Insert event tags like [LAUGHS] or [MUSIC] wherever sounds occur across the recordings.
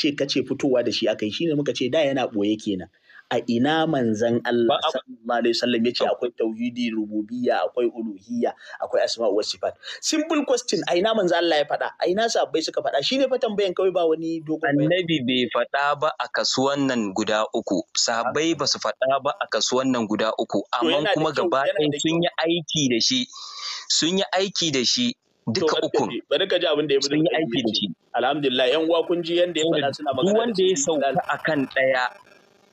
ce kace fitowa da shi aka yi shine muka ce da yana ɓoye kenan a ina manzan Allah sallallahu alaihi wasallam yace akwai tauhidi rububiyya akwai uluhiyya akwai asma wa sifat simple question a ina manzan Allah ya faɗa a ina sahabbai suka faɗa shine fa tambayan kawai ba wani dogon annabi bai faɗa ba a kasuwan nan guda uku sahabbai ba su faɗa ba a kasuwan nan guda uku amma kuma gaba sun yi aiki da shi sun yi aiki da shi duka uku bari ka ji abin da ya sun yi aiki da shi alhamdulillah yan uwa kun ji yanda ya faɗa suna magana wanda ya sauka akan ɗaya.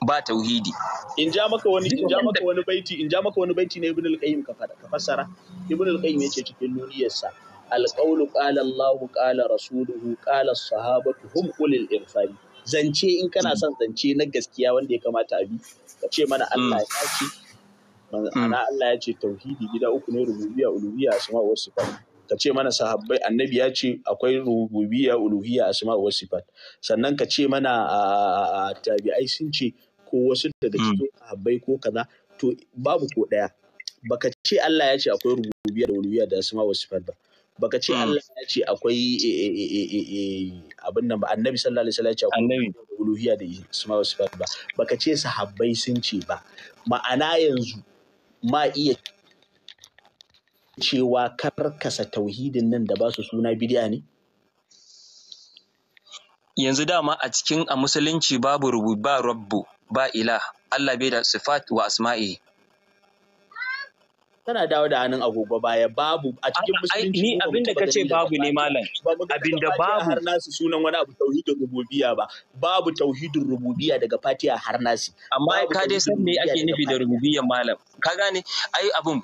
ba tauhidi in ja maka wani in ja maka wani baiti in ja maka wani baiti na ibnul qayyim ka faɗa ka fassara ibnul qayyim yace cikin nuniyarsa alqawlu qala allah qala rasuluhu qala sahabatu hum ulil irfani zance in kana son zance na gaskiya wanda ya kamata a bi ka ce mana mm. Allah ya ce ana mm. Allah ya ce tauhidi gida uku ne rububiyya uluhiyya asma wa sifat ka ce mana sahabbai annabi ya ce akwai rububiyya uluhiyya asma wa sifat sannan ka ce mana tabi'ai sun ce ko wasu daga hmm. cikin sahabbai ko kaza to babu ko daya baka ce Allah ya ce akwai rububiyya da uluhiyya da asma wa sifat ba baka ce hmm. Allah ya ce akwai e, e, e, abin nan ba annabi sallallahu alaihi wasallam ya ce akwai uluhiyya da asma wa sifat ba baka ce sahabbai sun ce ba ma'ana yanzu ma iya cewa karkasa tauhidin nan da ba su suna bidiya ne? Yanzu dama a cikin a musulunci babu rubu ba rabbu ba ila, Allah bai da sifat wa asma'i. Tana dawo da hannun agogo baya babu a cikin musulunci. Ni abin da kace babu ne malam. Abin da babu. Har nasu sunan wani abu tauhidin rububiya ba. Babu tauhidin rububiya daga fatiya har nasu. Amma ka dai san me ake nufi da rububiyya malam. Ka gane ai abun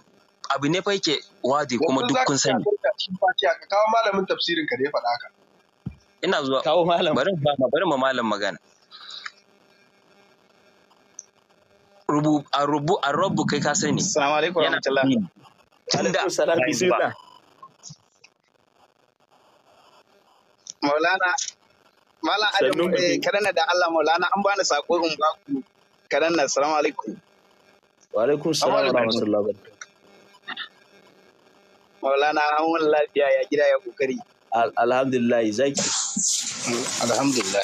abu ne fa yake wadi kuma duk kun sani ka kawo malamin tafsirin ka da ya faɗa haka ina zuwa kawo malam bari ma bari ma malam magana rubu a rubu a rubu kai ka sani assalamu alaikum wa warahmatullahi tunda bi maulana malam eh karanna da Allah maulana an bani sako in ba ku karanna assalamu alaikum wa alaikum assalam wa rahmatullahi maulana hamun lafiya ya gida ya kokari alhamdulillah zaki alhamdulillah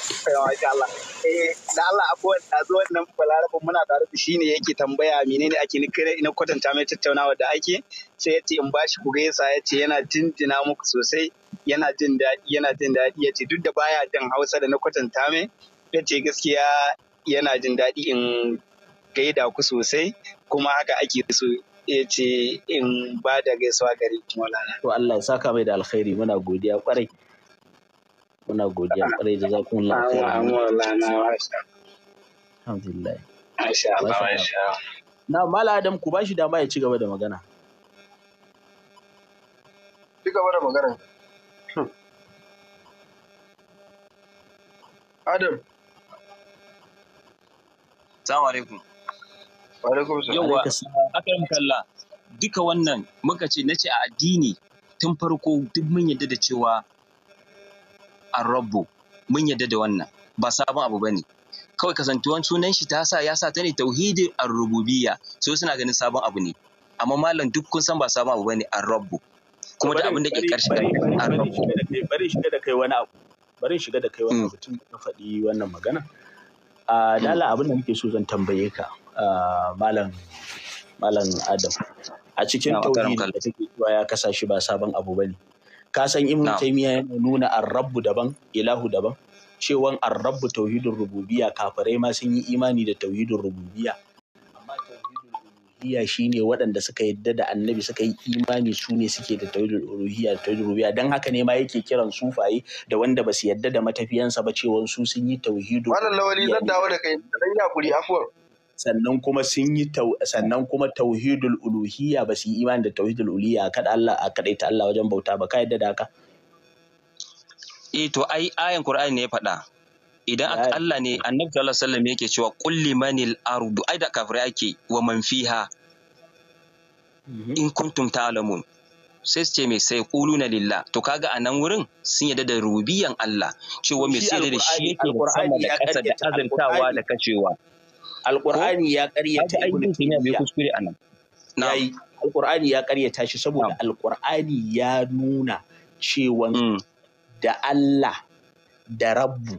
eh, da Allah abuwan da balarabin muna tare da shi ne yake tambaya menene ake ni kare ina kwatanta mai tattaunawa da ake sai ya ce in bashi ku gaisa ya ce yana dindina muku sosai yana jin daɗi yana jin daɗi ya ce duk da baya jin Hausa da na kwatanta mai ya ce gaskiya yana jin daɗi in gaida ku sosai kuma haka ake so ya ce in ba da gaisuwa gari maulana. To Allah ya saka mai da alkhairi muna godiya kwarai. Muna godiya kwarai da za ku lafiya. Maulana Alhamdulillah. Masha Allah, masha Allah. Na Mala Adam ku ba shi dama ya ci gaba da magana. Ci gaba da magana. Adam. Assalamu alaikum. yawa akan kalla duka wannan muka ce na ce a addini tun farko duk mun yadda da cewa an rabbo mun yadda da wannan ba sabon abu ba ne. kawai kasantuwan sunan shi ta sa ya sa ta ne tauhidin ar-rububiyya so suna ganin sabon abu ne amma malam duk kun san ba sabon abu bane ar-rabbu kuma da abin da ke karshe ar bari shiga da kai wani abu bari shiga da kai wani mm. abu tun ka faɗi wannan magana a ah, dala mm. abin da nake so zan tambaye ka malam adam a cikin tauhidi da take cewa ya kasa shi ba sabon abu bane ka san ibn taymiya yana nuna ar-rabbu daban ilahu daban cewan ar-rabbu tauhidur rububiyya kafirai ma sun yi imani da tauhidur rububiyya amma tauhidin rububiyya shine waɗanda suka yadda da annabi suka yi imani su ne suke da tauhidin rububiyya da rububiyya dan haka ne ma yake kiran sufaye da wanda ba su yadda da matafiyansa ba cewan su sun yi tauhidin wannan lawali zan dawo da kai dan yakuri afwan sannan kuma sun yi sannan kuma tauhidul uluhiyya ba su yi imani da tauhidul uluhiyya kada Allah a ta Allah wajen bauta ba ka yadda da haka eh to ai ayan Qur'ani ne ya faɗa idan Allah ne Annabi sallallahu alaihi wasallam yake cewa qul limanil ardu ai da kafirai ake wa man fiha mhm. in kuntum ta'lamun sai su ce mai sai na lillah to kaga a nan wurin sun yadda da rubiyan Allah cewa mai sai da shi yake da sama da ƙasa da azantawa da kacewa alkur'ani ya karyata kuskure anan alkur'ani ya karyata shi saboda alkur'ani ya nuna cewa mm. da Allah da rabbu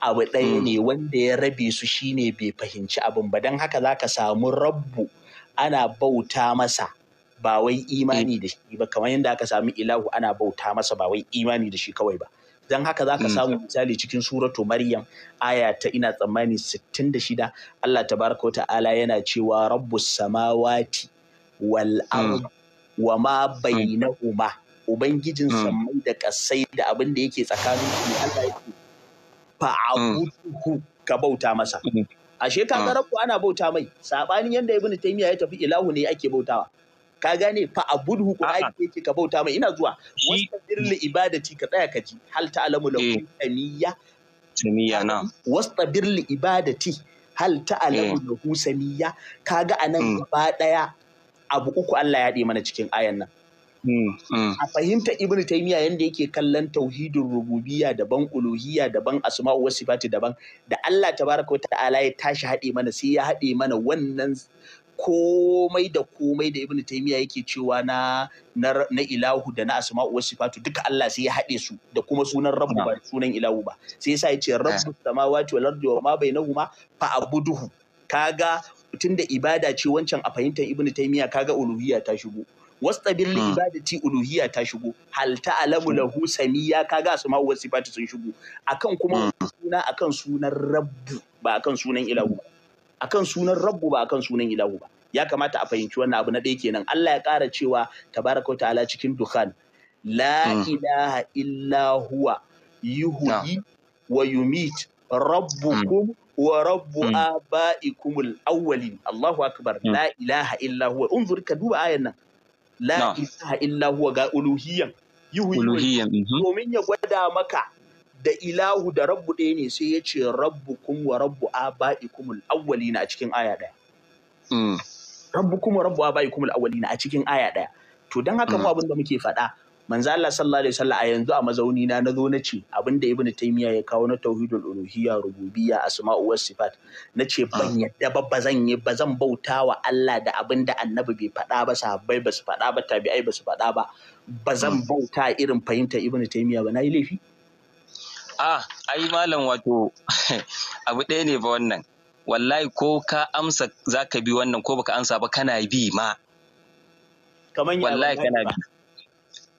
abu ɗaya mm. ne wanda ya rabe su shine bai fahimci abin ba don haka zaka samu rabbu ana bauta masa ba wai imani mm. da shi ba kamar yadda aka samu ilahu ana bauta masa ba wai imani da shi kawai ba dan haka za ka mm. samu misali cikin suratu maryam aya ta ina tsammani 66 Allah Ta tabaraka ta'ala yana cewa rabbus samawati wal mm. wa ma mm. bainahuma ubangijin samai da kasai da abin da yake tsakanin su Allah yake fa'abuduhu ka bauta masa ashe ka ga rabbu ana bauta mai sabanin yanda ibnu taymiya ya tafi ilahu ne ake bautawa ka gane fa abudhu ko yake ka bauta mai ina zuwa wastabir li ibadati ka tsaya ka ji hal ta'lamu lahu eh. samiyya samiyya na wastabir li ibadati hal ta'lamu eh. lahu samiyya kaga anan hmm. gaba daya abu uku Allah ya mana cikin ayan nan hmm, hmm. a fahimta ibn taymiya yanda yake kallon tauhidin rububiyya daban uluhiyya daban asma'u wasu sifati daban da Allah tabaraka wa ta'ala ya tashi haɗe mana sai ya haɗe mana wannan komai da komai da ibn taymiya yake cewa na na ilahu da na asma'u wa sifatu duka Allah sai ya haɗe su da kuma sunan rabbu ba sunan ilahu ba sai yasa yace eh. rabbu samawati wal ardi wa ma bainahuma fa abuduhu kaga tunda ibada ce wancan a fahimtar ibn taymiya kaga uluhiyya ta shigo wastabil li hmm. ibadati uluhiyya ta shigo hal ta'lamu lahu samiyya kaga asma'u wa sifatu sun shigo akan kuma hmm. suna akan sunan rabbu ba akan sunan ilahu ba akan sunan rabbu ba akan sunan ilahu ba ya kamata a fahimci wannan abu na ɗaya kenan Allah ya ƙara cewa tabaraka wa ta'ala cikin dukhan la hmm. ilaha illa huwa yuhyi wa yumit rabbukum hmm. wa rabbu hmm. abaikumul awwalin Allahu akbar la ilaha illa huwa unzur ka duba ayan nan la ilaha illa huwa ga uluhiyyan yuhyi mhm. domin ya gwada maka da ilahu da rabbu ɗaya ne sai ya ce rabbukum wa rabbu aba'ikumul awwalina a cikin aya ɗaya. Mm. Rabbukum wa rabbu aba'ikumul awwalina a cikin aya ɗaya. To don haka mu mm. abin da muke faɗa manzo Allah sallallahu alaihi wasallam a yanzu a mazauni na nazo na ce abin da Ibn Taymiyyah ya kawo na tauhidul uluhiyya rububiyya asma'u was sifat na ce mm. ban yadda ba bazan yi bazan bauta wa Allah da abin da annabi bai faɗa ba sahabbai ba su faɗa ba tabi'ai ba su faɗa ba bazan bauta irin fahimta Ibn Taymiyyah ba yi laifi Ah, ai malam wato [LAUGHS] abu ɗaya ne ba wannan. Wallahi ko ka amsa za ka bi wannan ko baka amsa ba kana bi ma. Kaman ya wallahi kana bi.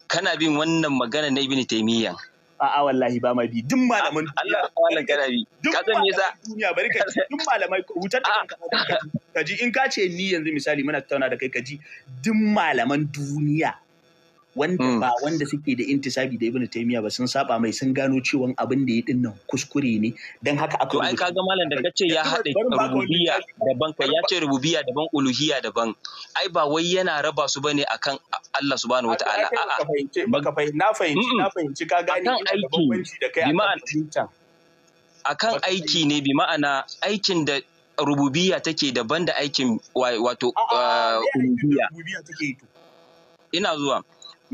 Kana bin wannan magana na Ibn Taymiyyah. A'a wallahi ba ma bi duk malaman duniya. Allah malam kana bi. Ka san me yasa? Duniya bari ka duk malamai hutar da kanka ka ji in ka ce ni yanzu misali muna tattauna da kai ka ji duk malaman duniya wanda hmm. ba wanda suke da intisabi da ibnu taymiya ba sun saba mai sun gano cewa abin da ya din nan kuskure ne dan haka aka ai kaga malam da kace ya hade rububiyya daban kai ya ce rububiyya daban uluhiyya daban ai ba wai yana raba su bane akan Allah subhanahu wataala a baka fahimci na fahimci na fahimci ka gane aiki da kai akan akan aiki ne bi ma'ana aikin da rububiya take daban da aikin wato uh, rububiya ina zuwa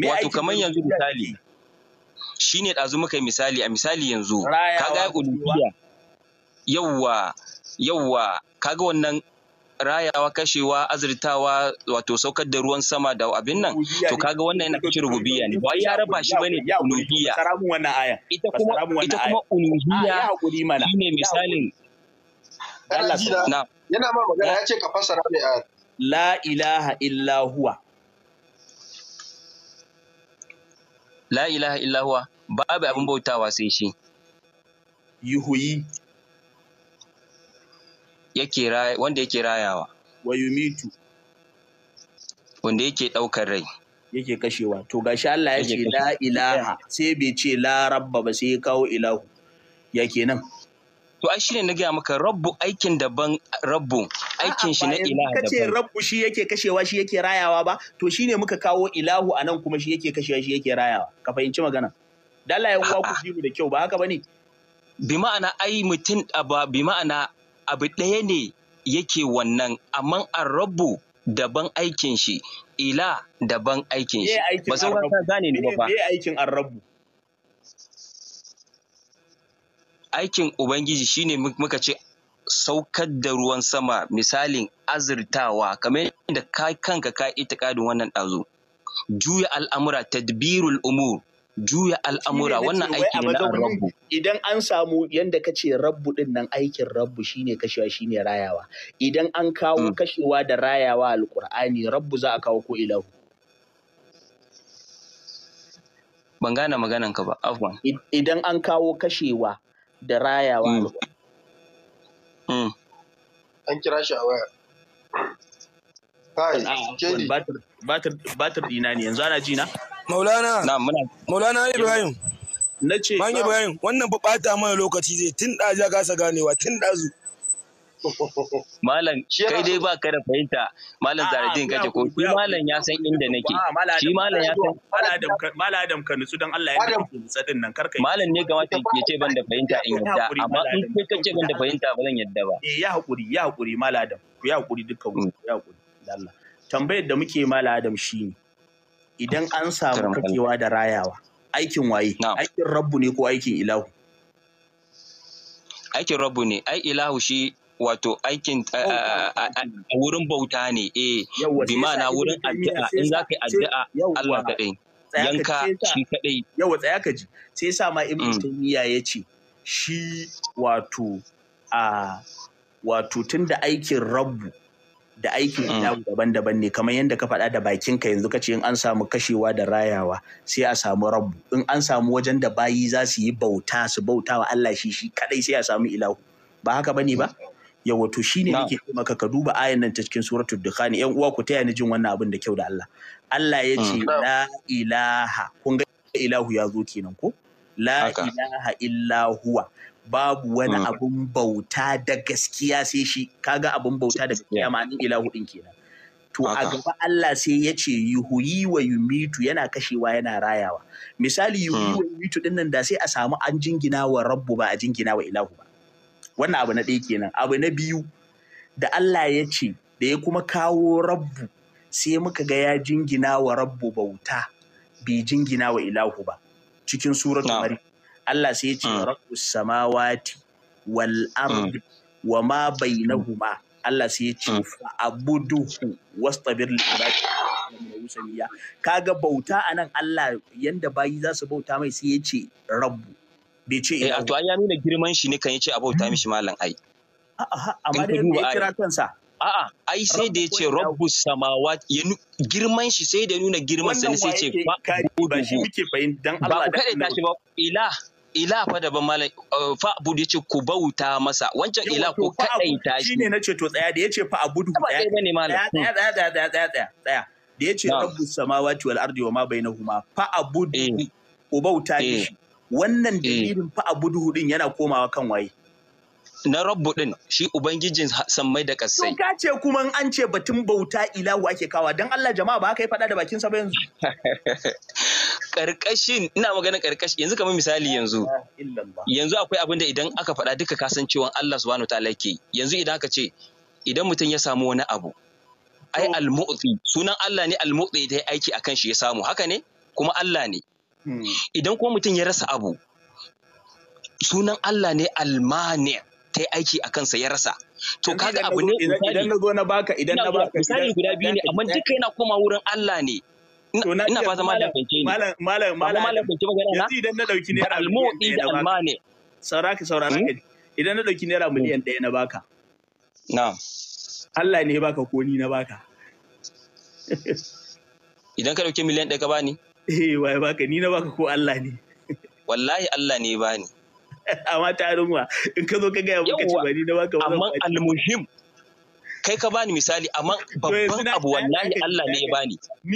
wato kamar yanzu misali shine ɗazu muka yi misali a misali yanzu kaga uluhiyya yawwa yawwa kaga wannan rayawa kashewa azurtawa wato saukar da ruwan sama da abin nan to kaga wannan yana kashe rububiya ne wai ya raba shi bane da uluhiyya ita kuma ita kuma uluhiyya shine misalin yana ma magana yace ka fasara ne a la ilaha illa huwa la ilaha illahuwa babu abin bautawa sai shi yuhuyi yake wanda yake rayawa wa yumitu wanda yake ɗaukar rai yake kashewa to gashi Allah yake la ilaha sai bai ce la rabba ba sai kawo ilahu ya nan? to ai shine na gaya maka rabbu aikin daban rabbu aikin shi na ilahu kace rabbu shi yake kashewa shi yake rayawa ba to shine muka kawo ilahu anan kuma shi yake kashewa shi yake rayawa ka fahimci magana da Allah ya uwa ku ji da kyau ba haka bane bi ma'ana ai mutum bi ma'ana abu ɗaya ne yake wannan amma an rabbu daban aikin shi ila daban aikin shi ba sai ka gane ne ba ba aikin an rabbu aikin ubangiji shine muka ce saukar da ruwan sama misalin azurtawa kamar yadda ka kanka ka itikadin wannan ɗazu juya al'amura tadbirul umur juya al'amura wannan aiki ne na rabbu idan an samu yanda ka ce rabbu din nan aikin rabbu shine kashewa shine rayawa idan an kawo mm. kashewa da rayawa alqur'ani rabbu za a kawo ko ilahu ban gane maganan ka ba afwan idan an kawo kashewa da rayawa Hmm. an kira shi a waya kai batir dina ne yanzu ana ji na maulana na muna maulana ibrahim na ce ibrahim wannan ba bata mana lokaci zai tun da ja kasa ganewa tun ɗazu Malam kai dai ba ka da fahimta Malam ah, Zaradin kaje ko shi Malam ya san inda nake ah, shi Malam ya san Malam Adam ka nutsu dan Allah ya yi nutsa din nan karka Malam ne ga wata ke ce ban da fahimta in yadda amma in kai ce ban da fahimta ba zan yadda ba eh ya hakuri ya hakuri Malam Adam ku ya hakuri dukkan ku mm. ya hakuri Allah tambayar da muke Malam Adam shi ne, idan an samu kakewa da rayawa aikin waye aikin rabbu ne ko aikin ilahu aikin rabu ne ai ilahu shi wato aikin eh, eh, eh, A wurin bauta ne eh bi ma'ana wurin addu'a in za ka yi addu'a Allah kaɗai yanka shi kaɗai yawa tsaya ka ji sai sa ma ibn mm. taymiya ya ce shi wato a wato tun da aikin rabbu da aikin mm. ilahu daban-daban ne kamar yadda ka faɗa da bakin ka yanzu ka ce in an samu kashewa da rayawa sai a samu rabbu in an samu wajen da bayi za su yi bauta su bauta wa Allah shi shi kadai sai a samu ilahu ba haka bane ba yawa to shine nake maka ka duba ayan nan ta cikin suratul dukhani yan uwa ku taya ni jin wannan abin da kyau da Allah Allah ya ce mm. la ilaha kun ga ilahu ya zo kenan ko la ilaha illa huwa babu wani mm. abun bauta da gaskiya sai shi kaga abun bauta da gaskiya ma'anin ilahu din kenan to a gaba Allah sai ya ce yuhuyi wa yumitu yana kashewa yana rayawa misali yuhuyi mm. wa yumitu din da sai a samu an jingina wa rabbu ba a jingina wa ilahu ba wannan abu na ɗaya kenan abu na biyu da Allah ya ce da ya kuma kawo rabbu sai muka ga ya jingina wa rabbu bauta bai jingina wa ilahu ba cikin suratul mari Allah sai ya ce mm. rabbu samawati wal ardi mm. wa ma bainahuma mm. Allah sai ya ce fa'buduhu wastabir li ibadati kaga bauta anan Allah yanda bayi za su bauta mai sai ya ce rabbu bai ce eh, ina to ai ya nuna girman shi ne kan yace ta mishi malam ai a'a amma dai ya kira kansa a'a ai sai da yace rabbus samawat ya girman shi sai da nuna girman sa ne sai ce ba shi muke fahimta dan Allah da kai tashi ba ila ila fa daban malam eh, fa abud yace ku bauta masa wancan ila ko kadai shi shine nace to tsaya da yace fa abudu tsaya tsaya tsaya tsaya tsaya tsaya da yace rabbus samawati wal ardi wa ma bainahuma fa abudu eh. ku bauta shi wannan eh. dalilin fa abu duhu din yana komawa kan waye na rabbu din shi ubangijin sammai da kasai ka ce kuma an ce batun bauta ilahu ake kawa dan Allah jama'a ba haka yi fada da bakin sa ba yanzu karkashin [LAUGHS] ina magana karkashi yanzu kamar misali yanzu yanzu akwai abin da idan aka faɗa duka kasancewan Allah subhanahu wataala yake yanzu idan aka ce idan mutum ya samu wani abu ai almu'ti sunan Allah ne almu'ti da ya aiki akan shi ya samu haka ne kuma Allah ne Idan kuma mutum ya rasa abu, sunan Allah ne almani ta yi aiki a kansa ya rasa. To kaga abu ne idan na zo na baka idan na baka misali guda biyu ne amma duka yana koma wurin Allah ne. Ina ba zama da fance ne. Malam malam malam malam fance magana na. Yanzu idan na dauki naira miliyan ɗaya da almani. Saura ka saura hmm? idan na dauki naira miliyan ɗaya na baka. Na. Allah ne baka ko ni na baka. Idan ka dauki miliyan ɗaya ka bani. Eh wai baka ni na baka ko Allah ne. Wallahi Allah ne bani. [LAUGHS] Amma ta wa in ka zo ka gaya maka ba ni na baka Amma almuhim kai ka bani misali amma babban abu wallahi [LAUGHS] Allah ne ya bani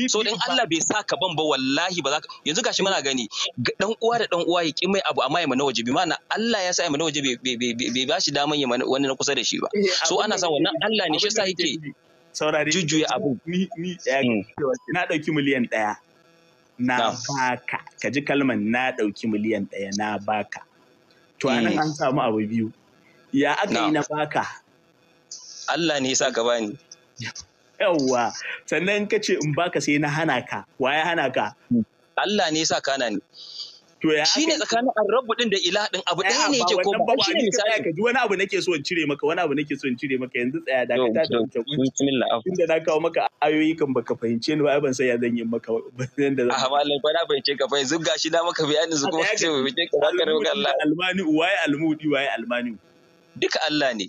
so in Allah bai sa ka ban ba wallahi ba za ka yanzu gashi muna gani dan uwa da dan uwa ya ki mai abu amma ya mana wajibi mana Allah ya sa ya mana wajibi bai ba shi daman ya mana wani na kusa da shi ba eh, so ana sa wannan Allah ne shi sa yake saurare jujjuya abu ni ni mm. na dauki miliyan daya na baka ka ji kalmar na ɗauki miliyan ɗaya na baka to anan an mm. samu abu biyu ya aka yi na baka Allah ne ya sa ka bani yawwa sannan ka ce in baka sai na hana ka wa ya hana ka Allah ne ya sa ka hana ni Shi ne tsakanin arrabu din da ila din abu ɗaya ne yake koma. Ba ne misali. Ka ji wani abu nake so in cire maka wani abu nake so in cire maka yanzu tsaya da ka ta ta bismillah. Tunda na kawo maka ayoyi kan baka fahimce ni ba ai ban san ya zan yi maka ban da zan. A malai ba na fahimce ka fa yanzu gashi na maka bayanin su kuma ka ce bai fahimce ka ba ka roƙa Allah. Almani waye almudi waye almani. Duka Allah ne.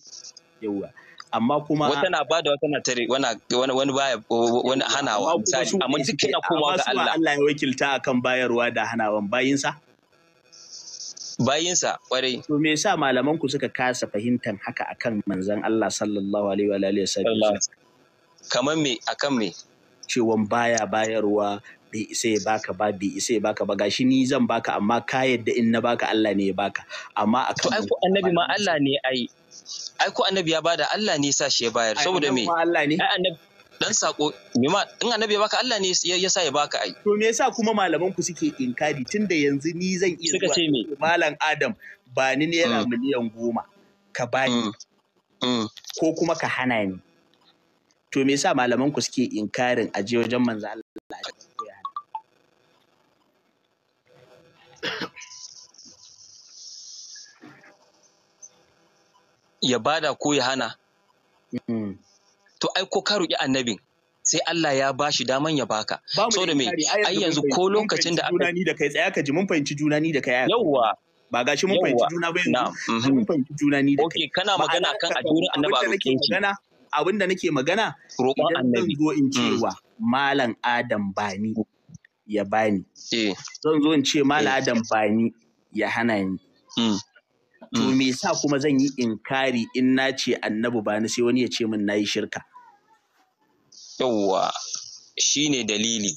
Yawwa. amma kuma wata na bada wata na tare wani wani baya wani hanawa misali amma dukkan na komawa ga Allah Allah ya wakilta akan bayarwa da hanawan bayinsa bayinsa kwarai. To me yasa malaman ku suka kasa fahimtar haka akan manzon Allah sallallahu alaihi wa alihi wasallam? me akan me? Cewan baya bayarwa bai isa ya baka ba bai isa ya baka ba gashi ni zan baka amma ka yadda in na baka Allah ne ya baka amma akan To ai ku annabi ma Allah ne ai. Ai ku annabi ya bada Allah ne sa shi ya bayar saboda me? Allah ne. Ai annabi dan sako mima in annabi ya baka Allah ne ya sa ya baka ai to me yasa kuma malaman ku suke inkari tunda yanzu ni zan iya suka ce me malam Adam ba ni naira mm. miliyan goma ka bani mm. mm. ko kuma ka hana ni to me yasa malaman ku suke inkarin aje wajen manzo Allah ya bada ko ya hana. to ai ko ka roki annabin sai Allah ya ba shi daman ya baka. So da me ai yanzu ko lokacin da aka ni da kai tsaya ka ji mun fahimci juna ni da kai. Yawwa. Ba ga shi mun fahimci juna ba yanzu. Mun mhm. fahimci juna ni da kai. Okay kana magana kan addinin Annabi a roƙe magana Abin da nake magana roƙon Annabi. zo in cewa mm. Malam Adam ba ni ya bani. Eh Zan zo in ce Malam eh. Adam ba ni ya hana ni. Mm. to mm. me sa kuma zan yi inkari in na ce Annabu? ba ni sai wani ya ce min na yi shirka yawwa shi ne dalili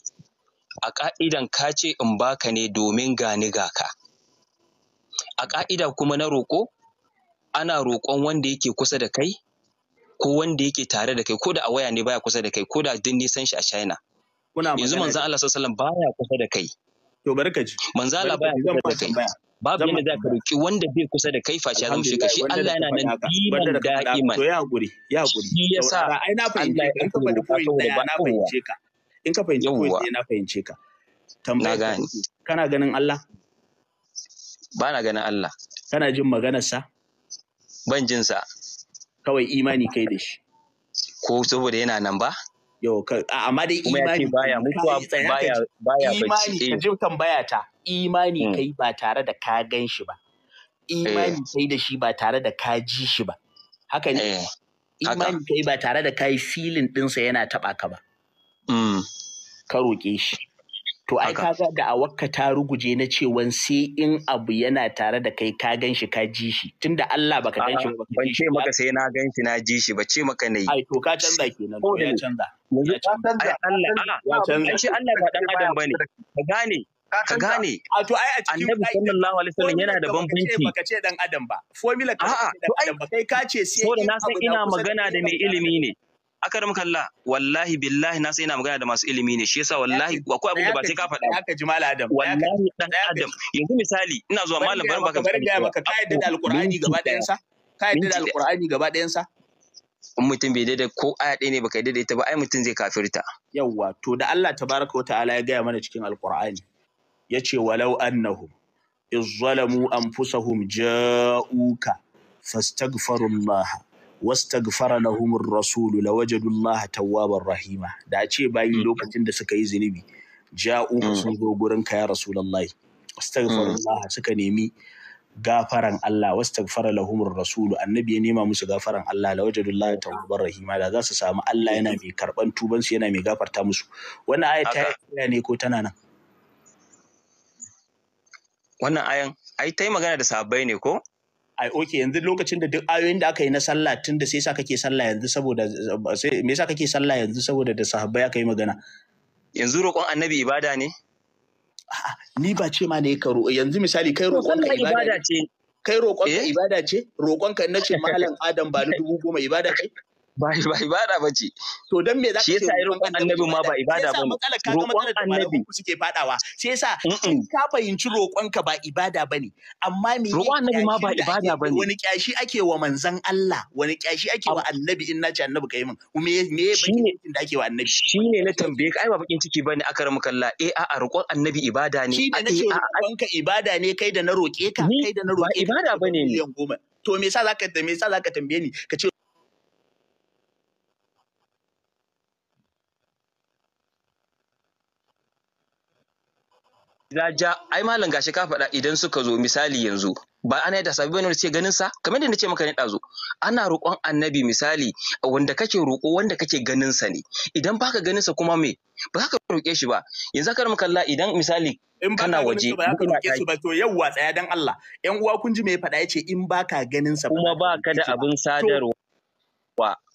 a ka'idan ka ce in baka ne domin gani gaka a ka'ida kuma na roƙo ana roƙon wanda yake kusa da kai ko wanda yake tare da kai ko da a waya ne baya kusa da kai ko da din nisan shi a China yanzu manzon Allah sallallahu alaihi wasallam baya kusa da kai to bari ka ji manzo Allah baya kusa da kai babu yadda za ka roki wanda bai kusa da kai face ya shiga shi Allah yana nan dinan da'iman to ya hakuri ya hakuri shi yasa ai na fahimce ka in ka fahimci point ɗaya na fahimce ka in ka fahimci point ɗaya na fahimce ka tambaya kana ganin Allah ba na ganin Allah kana jin maganarsa ban jin sa kawai imani kai da shi ko saboda yana nan ba yau amma dai imani baya mutuwa baya baya imani ka eh. ji tambaya ta imani hmm. kai ba tare da ka gan shi ba eh. imani kai da shi ba tare da ka ji shi ba haka ne eh. imani kai ba tare da ka yi filin dinsa yana taɓa ka ba hmm. ka roƙe shi To ai kaga da awakka ta ruguje na cewan sai in abu yana tare da kai ka gan shi ka ji shi tunda Allah baka gan shi ba ban ce maka sai na gan shi na ji shi ba ce maka nayi ai to ka canza kenan ko ya canza yanzu ka canza Allah ya canza shi Allah ba dan adam bane ka gane ka gane a to ai a cikin annabi sallallahu alaihi wasallam yana da bambanci ka ce dan adam ba formula ka ce dan adam ba kai ka ce sai ko da na san ina magana da mai ilimi ne akarmukalla wallahi billahi na sai ina magana da masu ilimi ne shi yasa wallahi akwai abin da ba sai ka faɗa haka ji malam adam wallahi dan adam yanzu misali ina zuwa malam bari baka bari ga maka ka yadda da alqur'ani gaba ɗayan sa ka yadda da alqur'ani gaba ɗayan sa in mutum bai daidai ko aya ɗaya ne baka daidai ta ba ai mutum zai kafirta yawwa to da Allah tabaraka wa ta'ala ya gaya mana cikin alqur'ani yace walau annahu iz zalamu anfusahum ja'uka fastaghfirullaha na rasulu la rasul lawajadullaha tawabar rahima da a ce bayi lokacin da suka yi zunubi ja uku sun zo gurin ka ya rasulullahi astaghfirullah suka nemi gafaran Allah wastaghfara lahumur rasulu annabi ya nema musu gafaran Allah la wajadullahi tawwabar rahima da za su samu Allah yana mai karban tuban su yana mai gafarta musu wannan aya ta ta yi magana da sahabbai ne ko ai oke yanzu lokacin da duk ayoyin da aka yi na sallah tun da sai sa kake sallah yanzu saboda sai me yasa kake sallah yanzu saboda da sahabbai aka yi magana yanzu roƙon annabi ibada ne ni ba ce ma ne ka roƙo yanzu misali kai roƙon ka ibada ce kai roƙon ka eh? ibada ce roƙon ka ce malam adam ba ni dubu goma ibada ce [LAUGHS] ba ibada ba ce. To don me za ka ce roƙon annabi ma ba ibada ba ne. Roƙon annabi. suke fadawa. Sai yasa in ka fahimci roƙonka ba ibada ba ne. Amma me roƙon annabi ma ba ibada ba ne. Wani kyashi ake wa manzan Allah, wani kyashi ake wa annabi in nace annabi kai min. Me me bakin da ake wa annabi. ne na tambaye ka ai ba bakin ciki bane aka ramu kalla. Eh a'a roƙon annabi ibada ne. Shi da nace eh, roƙonka ibada ne kai da na roƙe ka, kai da na roƙe ka. Ibada ba ne. To me yasa zaka me yasa tambaye ni ka ce ya ja ai malam gashi ka faɗa idan suka zo misali yanzu ba ana yadda sabi bane wanda ce ganin sa kamar yadda nace maka ne ɗazu ana roƙon annabi misali wanda kake roƙo wanda kake ganin sa ne idan baka ganin sa kuma me ba za ka roƙe shi ba yanzu ka kalla idan misali kana waje ba ka roƙe shi ba to yawwa tsaya dan Allah ƴan uwa kun ji me ya faɗa yace in baka ganin sa kuma baka da abin sadarwa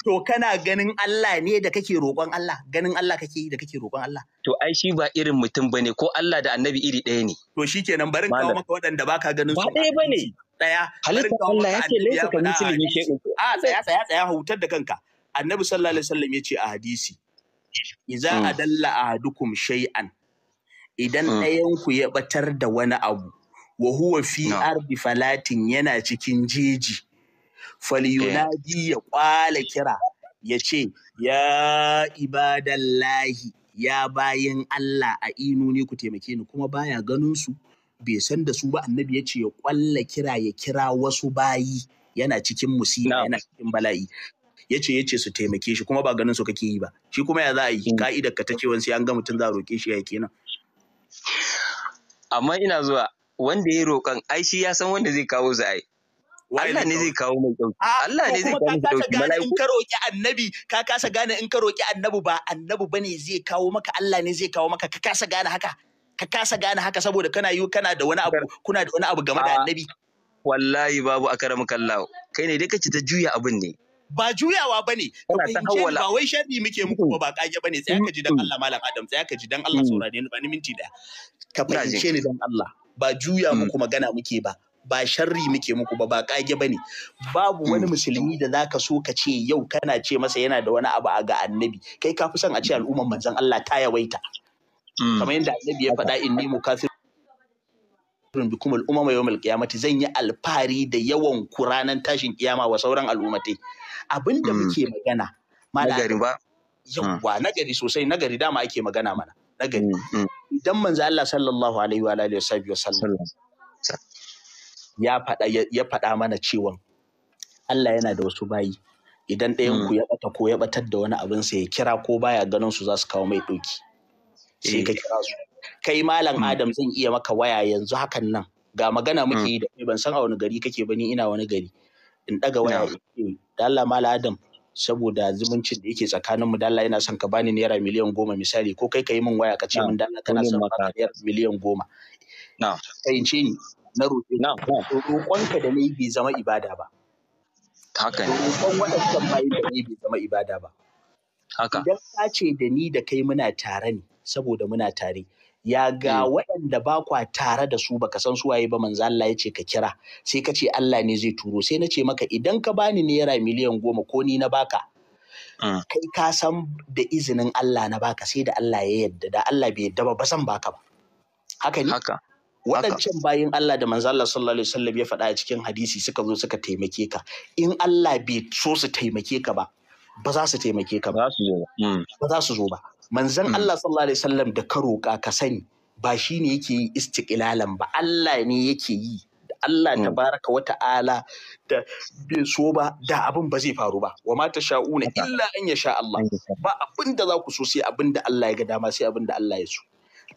To kana ganin Allah ne da kake roƙon Allah, ganin Allah kake yi da kake roƙon Allah. To ai shi ba irin mutum bane ko Allah da Annabi iri ɗaya ne. To shi barin kawo maka waɗanda baka ganin su. Ba ɗaya bane. daya Halitta Allah yake laifi laisa ka mislihi shay'un. A ah, tsaya tsaya tsaya hutar da kanka. Annabi sallallahu alaihi wasallam ya ce a hadisi. idza hmm. adalla ahadukum shay'an. Idan hmm. ɗayan ku ya batar da wani abu. wa huwa fi ardi falatin yana cikin jeji falyunadi eh. ya kwala kira ya ce ya ibadallahi ya bayan Allah a inu ne ku taimake ni kuma baya ganin su bai san da su ba annabi ya ce ya kwalla kira ya kira wasu bayi yana cikin musiba yana cikin bala'i ya ce ya ce su taimake shi kuma ba ganin su kake yi ba shi kuma ya za a yi mm. ka'idar ka ta ce sai an ga mutum za a roƙe shi ya kenan amma ina zuwa wanda ya roƙan ai shi ya san wanda zai kawo za Allah ne zai kawo mai dauki Allah ne zai kawo mai dauki gane in ka roki annabi ka kasa gane in ka roki annabi ba annabi bane zai kawo maka Allah ne zai kawo maka ka kasa gane haka ka kasa gane haka saboda kana yi kana da wani abu kuna da wani abu game da annabi wallahi babu akaramu kallahu kai ne dai kace ta juya abin ne ba juyawa ba ne ba wai sharri muke muku ba ƙage ba ne sai aka ji dan Allah malam Adam sai aka ji dan Allah saurare ni ba ni minti daya ka fahimce ni dan Allah ba juya mm. muku magana muke ba ba sharri muke muku ba ba kage bane babu hmm. wani musulmi da zaka so ka ce yau kana ce masa yana da wani abu a ga annabi kai ka fi son a ce al'umman manzon Allah ta yawaita hmm. kamar yadda annabi ya faɗa inni bi kuma al'umma yawmal qiyamati zan yi alfari da yawan ku ranar tashin kiyama wa sauran al'ummatai abinda hmm. muke magana malari ba yawa nagari sosai nagari dama ake magana mana nagari idan manzo Allah sallallahu alaihi wa alihi wa ya faɗa ya faɗa mana cewa Allah yana da wasu bayi idan ɗayan ku hmm. ya bata ko ya batar da wani abin sa ya kira ko baya ganin su za su kawo mai ɗoki sai ka eh. kira su kai malam hmm. Adam zan iya maka waya yanzu hakan nan ga magana hmm. muke yi da kai ban san a wani gari kake ba ni ina wani gari in ɗaga waya da Allah malam Adam saboda zumuncin da yake tsakanin mu dalla yana son ka bani naira miliyan goma misali ko kai ka yi min waya ka ce min dalla kana son naira miliyan goma. ce ni na roƙe to roƙonka da nayi bai zama ibada ba haka ne roƙon waɗannan bayi da nayi bai zama ibada ba haka idan ka ce da ni da kai muna tare ne saboda muna tare ya ga mm. waɗanda ba kwa tare da su baka san su waye ba manzo Allah ya ce ka kira sai ka ce Allah ne zai turo sai na ce maka idan ka bani naira miliyan goma ko ni na baka mm. kai ka san da izinin Allah na baka sai da Allah ya yadda da Allah bai yadda ba ba san baka ba haka ne haka waɗancan bayin Allah da manzo Allah sallallahu alaihi wasallam ya faɗa a cikin hadisi suka zo suka taimake ka in Allah bai so su taimake ka ba ba za su taimake ka ba hmm. ba za su zo ba manzon hmm. Allah sallallahu alaihi wasallam da ka roƙa ka sani ba shi ne yake yi istiqlalan ba Allah ne yake yi Allah hmm. ta baraka wa ta'ala da bai so ba da abin ba zai faru ba wa ma sha'una illa an ya sha Allah ba abin da za ku so sai abin da Allah ya ga dama sai abin da Allah ya so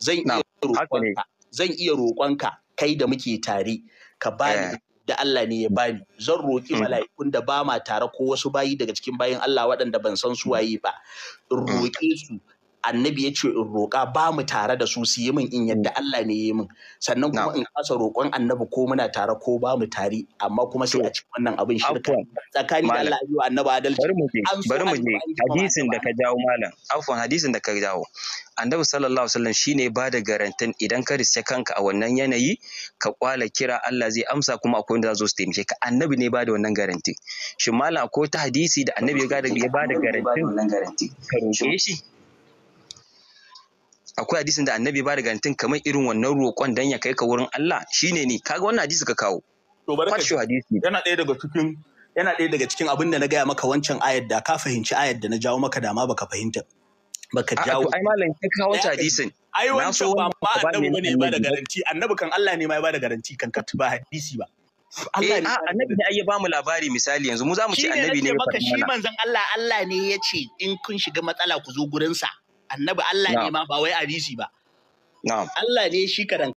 zan iya roƙonka zan iya roƙonka kai da muke tare ka bani eh. da Allah ne ya bani zan roƙi hmm. mala'ikun da ba ma tare ko wasu bayi daga cikin bayin Allah waɗanda ban san su waye ba in hmm. roƙe su annabi ya ce in roƙa ba mu tare da su su yi min in yadda mm. Allah ne yi min sannan kuma in kasa roƙon annabi ko muna tare ko ba mu tare amma kuma sai a cikin wannan abin shirka tsakani da Allah ayyuwa annabi adalci bari mu je hadisin da ka jawo malam afwan hadisin da ka jawo annabi sallallahu alaihi wasallam shine ba da garantin idan ka riske kanka a wannan yanayi ka kwala kira Allah zai amsa kuma akwai wanda za su taimake ka annabi ne ba da wannan garantin shin malam akwai ta hadisi da annabi ya ba da garantin ka roƙe shi akwai hadisin da annabi ba da garantin kamar irin wannan roƙon dan ya kai ka wurin Allah shine ne kaga wannan hadisi ka kawo to barka hadisi yana ɗaya daga cikin yana ɗaya daga cikin abin da na gaya maka wancan ayar da ka fahimci ayar da na jawo maka dama baka fahimta baka jawo ai malam ka kawo ta hadisin ai wancan ba ma annabi bane ba da garanti annabi kan Allah ne ma ya ba da garanti kan ka ba hadisi ba Allah eh, ne annabi da ya ba mu labari misali yanzu mu za mu ce annabi ne ya faɗa shi manzon Allah Allah ne ya ce in kun shiga matsala ku zo gurin sa annabi Allah ne ma ba wai a ba Allah ne shi karan